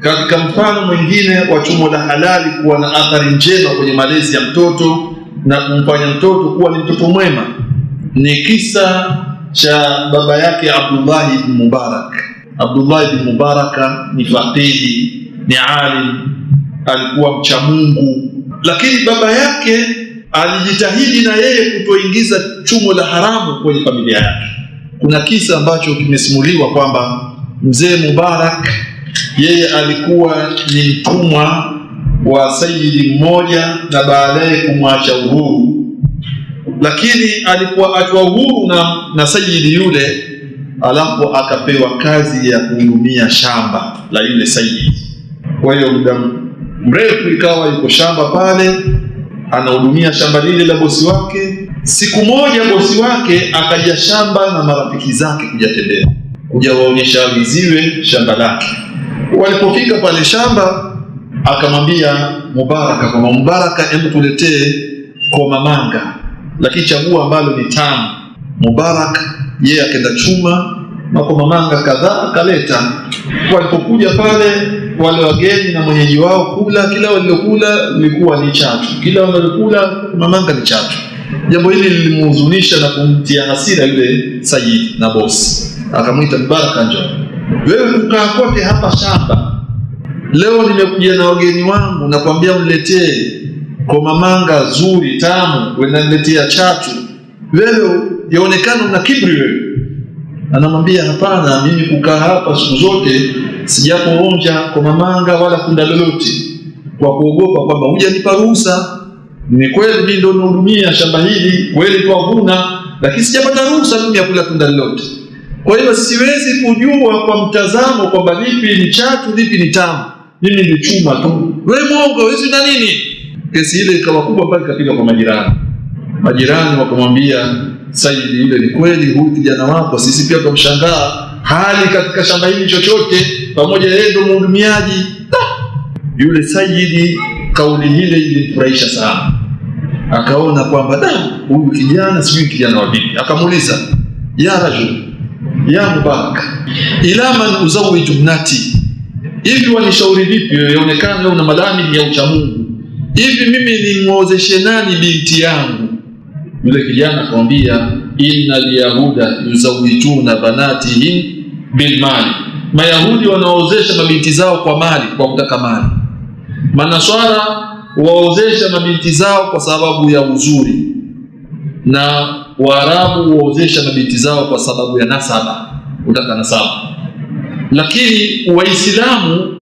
Katika mfano mwingine wa chumo la halali kuwa na athari njema kwenye malezi ya mtoto na kumfanya mtoto kuwa ni mtoto mwema ni kisa cha baba yake Abdullah ibn Mubarak. Abdullah ibn Mubaraka ni fatihi ni alim, alikuwa mcha Mungu, lakini baba yake alijitahidi na yeye kutoingiza chumo la haramu kwenye familia yake. Kuna kisa ambacho kimesimuliwa kwamba mzee Mubarak yeye alikuwa ni mtumwa wa sayidi mmoja na baadaye kumwacha uhuru, lakini alikuwa achwa uhuru na, na sayidi yule, alafu akapewa kazi ya kuhudumia shamba la yule sayidi. Kwa hiyo muda mrefu ikawa yuko shamba pale anahudumia shamba lile la bosi wake. Siku moja bosi wake akaja shamba na marafiki zake kuja tembea, kuja waonyesha shamba lake Walipofika pale shamba, akamwambia Mubaraka kwamba Mubaraka, hebu tuletee komamanga, lakini chagua ambalo ni tamu. Mubarak yeye akenda chuma makomamanga kadhaa kaleta. Walipokuja pale wale wageni na mwenyeji wao kula, kila walilokula lilikuwa ni chatu, kila walilokula mamanga ni chatu. Jambo hili lilimhuzunisha na kumtia hasira yule sayyid na bosi, akamwita Mubaraka, njoo wewe kukaa kote hapa shamba leo, nimekuja na wageni wangu, nakwambia mletee komamanga zuri tamu, wenaletea chatu. Wewe yaonekana una kibri wewe. Anamwambia hapana, mimi kukaa hapa siku zote sijapoonja komamanga wala kunda lolote, kwa kuogopa kwamba hujanipa ruhusa. Ni kweli mimi ndo nahudumia shamba hili, kweli twavuna, lakini sijapata ruhusa mimi ya kula tunda lolote. Kwa hiyo siwezi kujua kwa mtazamo kwamba lipi ni chatu, lipi ni tamu. Mimi ni chuma tu, wewe mwongo, hizi na nini? Kesi ile ikawa kubwa mpaka ikapiga kwa majirani. Majirani wakamwambia Saidi, ile ni kweli, huyu kijana wako sisi pia tumshangaa, hali katika shamba hili chochote pamoja, yeye ndo mhudumiaji. Yule Saidi kauli ile ilimfurahisha sana, akaona kwamba da, huyu kijana sijui kijana wa vipi. Akamuuliza ya rajul young bank ila man uzawiju mnati Hivi wanishauri vipi yaonekane una madhamini ya uchamungu? Hivi mimi nimwozeshe nani binti yangu? Yule kijana akamwambia, inna lyahuda yuzawijuna banatihim bilmali, Mayahudi wanaozesha mabinti zao kwa mali, kwa kutaka mali. Manaswara waozesha mabinti zao kwa sababu ya uzuri na Waarabu huwaozesha mabinti zao kwa sababu ya nasaba, kutaka nasaba, lakini Waislamu